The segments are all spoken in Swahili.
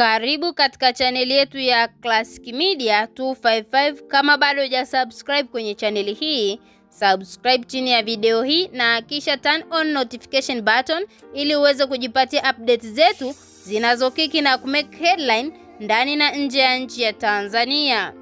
Karibu katika chaneli yetu ya Classic Media 255. Kama bado huja subscribe kwenye chaneli hii, subscribe chini ya video hii na kisha turn on notification button ili uweze kujipatia update zetu zinazokiki na kumake headline ndani na nje ya nchi ya Tanzania.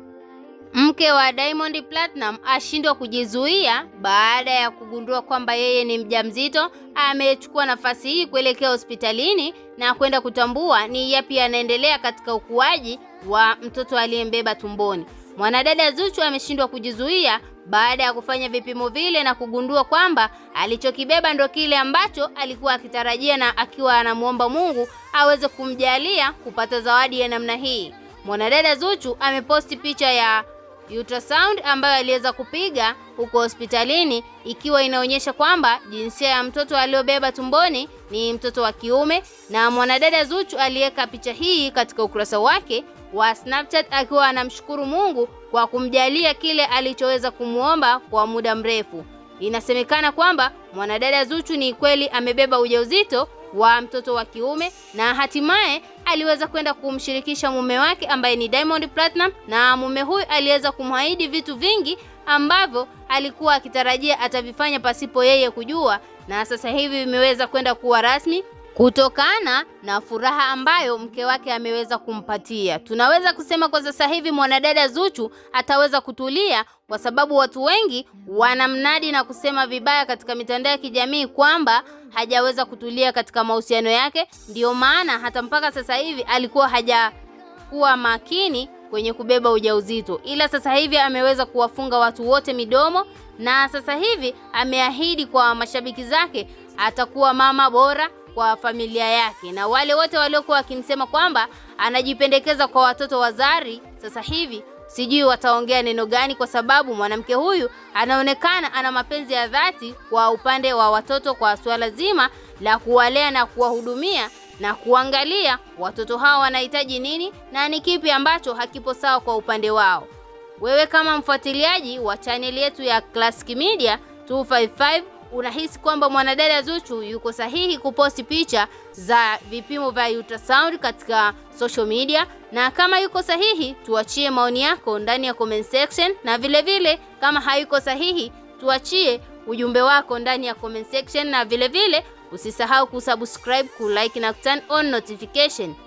Mke wa Diamond Platinum ashindwa kujizuia baada ya kugundua kwamba yeye ni mjamzito. Amechukua nafasi hii kuelekea hospitalini na kwenda kutambua ni yapi yanaendelea katika ukuaji wa mtoto aliyembeba tumboni. Mwanadada Zuchu ameshindwa kujizuia baada ya kufanya vipimo vile na kugundua kwamba alichokibeba ndo kile ambacho alikuwa akitarajia, na akiwa anamwomba Mungu aweze kumjalia kupata zawadi ya namna hii. Mwanadada Zuchu ameposti picha ya Ultrasound ambayo aliweza kupiga huko hospitalini ikiwa inaonyesha kwamba jinsia ya mtoto aliyobeba tumboni ni mtoto wa kiume, na mwanadada Zuchu aliweka picha hii katika ukurasa wake wa Snapchat akiwa anamshukuru Mungu kwa kumjalia kile alichoweza kumwomba kwa muda mrefu. Inasemekana kwamba mwanadada Zuchu ni kweli amebeba ujauzito wa mtoto wa kiume na hatimaye aliweza kwenda kumshirikisha mume wake ambaye ni Diamond Platinum, na mume huyu aliweza kumwahidi vitu vingi ambavyo alikuwa akitarajia atavifanya pasipo yeye kujua, na sasa hivi vimeweza kwenda kuwa rasmi kutokana na furaha ambayo mke wake ameweza kumpatia. Tunaweza kusema kwa sasa hivi mwanadada Zuchu ataweza kutulia, kwa sababu watu wengi wanamnadi na kusema vibaya katika mitandao ya kijamii kwamba hajaweza kutulia katika mahusiano yake. Ndiyo maana hata mpaka sasa hivi alikuwa hajakuwa makini kwenye kubeba ujauzito, ila sasa hivi ameweza kuwafunga watu wote midomo, na sasa hivi ameahidi kwa mashabiki zake atakuwa mama bora kwa familia yake, na wale wote waliokuwa wakimsema kwamba anajipendekeza kwa watoto wa Zari sasa hivi sijui wataongea neno gani, kwa sababu mwanamke huyu anaonekana ana mapenzi ya dhati kwa upande wa watoto, kwa suala zima la kuwalea na kuwahudumia na kuangalia watoto hao wanahitaji nini na ni kipi ambacho hakipo sawa kwa upande wao. Wewe kama mfuatiliaji wa chaneli yetu ya Classic Media 255 unahisi kwamba mwanadada Zuchu yuko sahihi kuposti picha za vipimo vya ultrasound katika social media, na kama yuko sahihi, tuachie maoni yako ndani ya comment section, na vile vile kama hayuko sahihi, tuachie ujumbe wako ndani ya comment section, na vile vile usisahau kusubscribe, kulike na kuturn on notification.